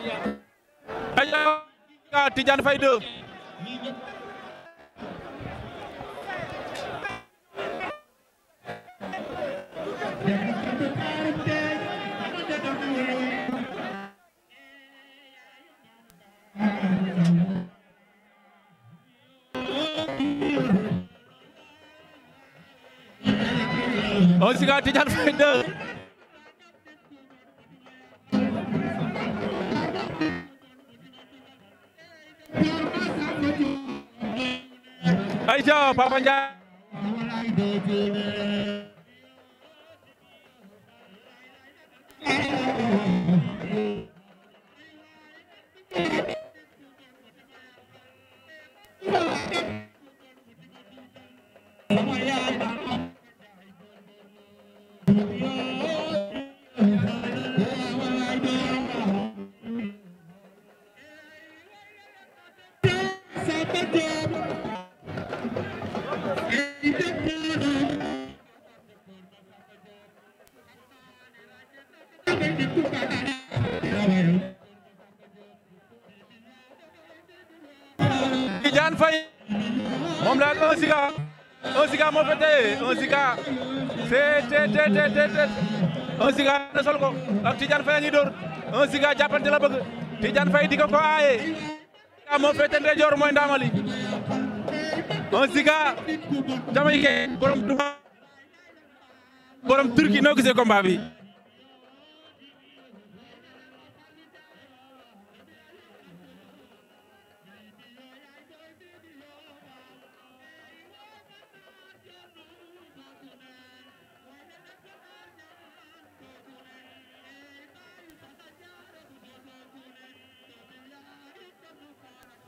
Gandiaga Tidiane Faye 2 Gandiaga Tidiane Faye ayca Papa Ndiaye Thank you. Bougane Faye moom daal un Giga un Giga moo fa tey un Giga c'est te te te te un Giga na sol ko ak Tidiane Faye a ngi dóor un Giga jàppante la bëgg Tidiane Faye di ko ko aaye Giga moo féete ndeyjoor mooy Ndamali un Giga jamaïcain borom Douma borom Turquie noo gisee combat bi.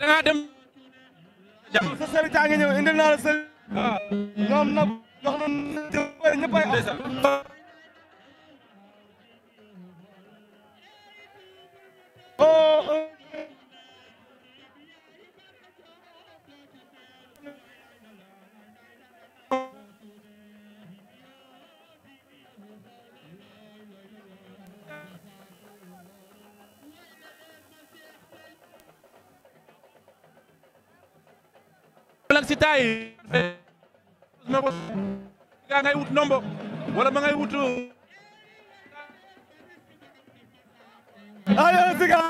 da ngaa dem. sa sëriñ nga ñëw indil naa la sëriñ. ñoom nag jox nañ ñëpp ay oh. oh. naan si taay na ko gaa ngay wut nombo wala ma ngay wut ayo siga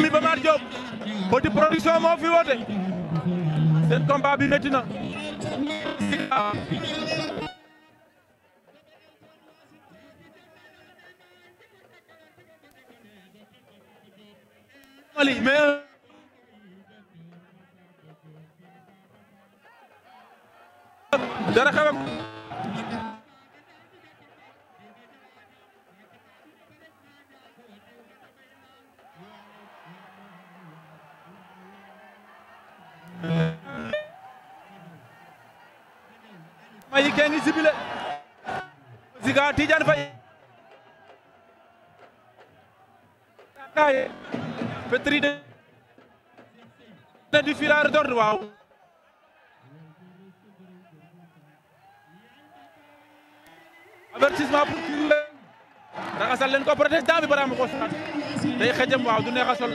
mi ba maar Diop petit production moo fi woote seen combat bi metti na mais dara xewam ma yi kenn sibile Ziga Tidiane Faye pétri de du filard d'or waaw avertissement pour Kirle raxasal leen ko protestant bi bara ma ko sonal day xejam waaw du neex a sol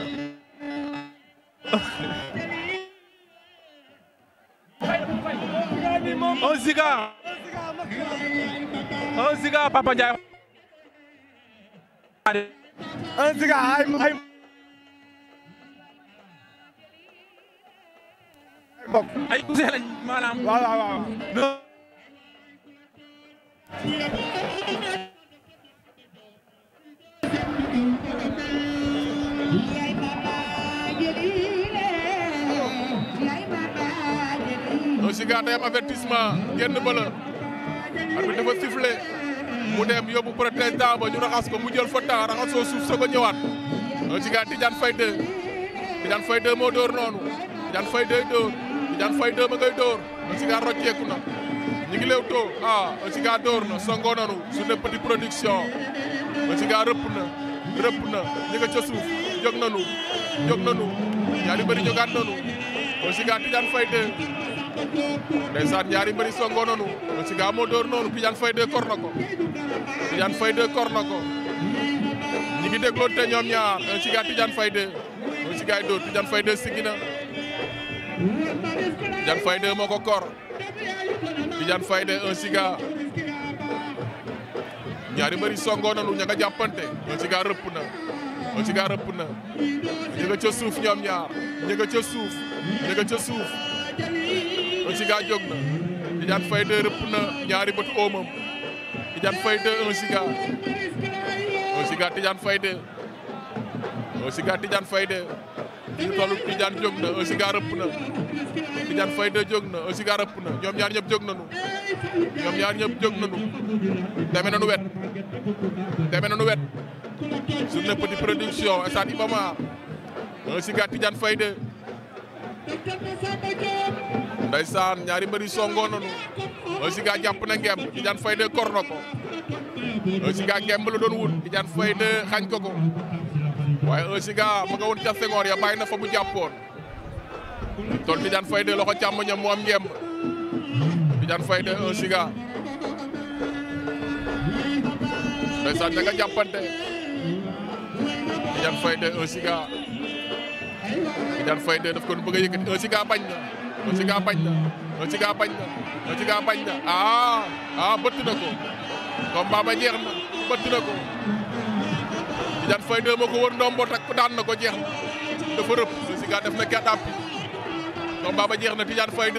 on ziga on ziga Papa Ndiaye bokk ay cousin lañ maanaam waaw waaw waaw Siga day am avertissement génn ba la arbitre dafa mu dem yóbbu protège temps ba ñu raxas ko mu jël fa temps raxasoo suuf sa ko ñëwaat Siga Tidiane Faye 2 Tidiane Faye 2 moo dóor noonu Tidiane Faye 2 dóor Tidiane Faye 2 ma dóor Osika rocceeku na ñu ngi leew too ah Osika dóor na songoo nanu Journée Petit Production Osika rëpp na rëpp na ñu nga ca suuf jóg nanu jóg ñaari mbëri jógaat nanu Osika Tidiane ñaari mbëri songoo nanu Osika moo dóor noonu Tidiane Faye 2 kor na ko Tidiane Faye 2 kor na ko ñu ngi dégloo te ñoom ñaar Osika Tidiane Faye 2 i dóor Tidiane Faye 2 siggi na Tidiane Faye 2 moo ko kor Tidiane ñaari mbëri songoo nañu ña nga jàppante un siga rëpp na un siga rëpp ca suuf ñoom ñaar ña nga ca suuf ña nga ca suuf un siga jóg ñaari bët oomam Tidiane Faye 2 un siga un siga Tidiane Faye ñu tollu Tidiane jóg na un cigare na Tidiane Faye de jóg na un cigare ëpp na ñoom ñaar ñëpp jóg nañu ñoom ñaar ñëpp jóg nañu deme nañu wet deme nañu wet journée Petit Production ba Iba Mar un cigare Tidiane Faye ñaari mbëri songoo nañu un cigare jàpp na ngemb Tidiane Faye de kor na ko un la doon wut Tidiane Faye xañ ko ko waaye un giga ma nga woon ca Senghor ya bàyyi na fa mu jàppoon Don Tidiane Faye de loxo càmmoñam mu am ngemb Tidiane Faye de un giga ndeysaan ña nga jàppante Tidiane Faye de un giga Tidiane Faye de daf ko bëgg a yëkkati un giga bañ na un giga bañ na un giga bañ na un giga bañ na ah ah bëtt na ko combat ba jeex na bëtt na ko Tidiane Faye 2 moo ko wër ndombo takk daan na ko jeex na dafa rëpp Ziga def na gàtt àpp combat ba jeex na Tidiane Faye